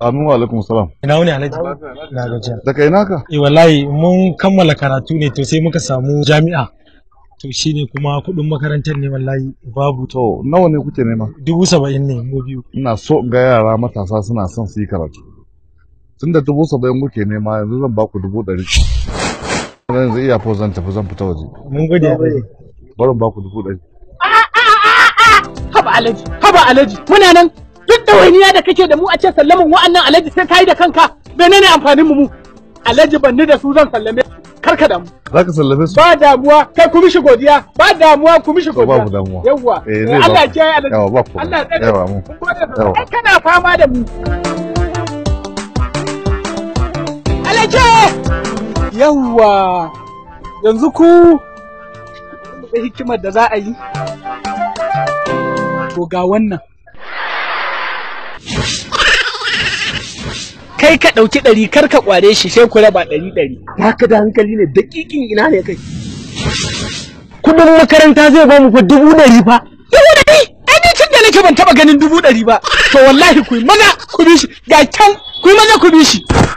Amin wa alaikum salam. Ina wani alaji? Na gajiya. Daga ina ka? Eh wallahi mun kammala karatu ne to sai muka samu jami'a. To shine kuma kuɗin makarantar ne wallahi babu. To nawa ne kuke nema? Dubu saba'in ne mu biyu. Ina so in ga yara matasa suna son su yi karatu. Tun da dubu saba'in kuke nema yanzu zan ba ku dubu ɗari. Zan zai iya fo zan tafi zan fita waje. Mun gode. Barin ba ku dubu ɗari. Ah, ah, ah, haba alaji, haba alaji, muna nan duk ɗawainiya da kake da mu a ce sallamin wa'annan alhaji sai kayi da kanka menene amfanin mu mu alhaji banni da su zan sallame karka damu za ka sallame su ba damuwa kai ku mishi godiya ba damuwa ku mishi godiya ba damuwa yawwa eh, Allah ya kiyaye alhaji yawa ba ku Allah ya yawa mu yawa kana fama da mu alhaji yawwa yanzu ku hikimar da za a yi to ga wannan kai ka ɗauki ɗari kar ka kware shi sai ku raba ɗari ɗari ba ka da hankali ne daƙiƙin ina ne kai kuɗin makaranta zai ba mu fa dubu ɗari fa dubu ɗari ai ni da nake ban taɓa ganin dubu ɗari ba to wallahi ku yi ku bi shi ga can ku yi ku bi shi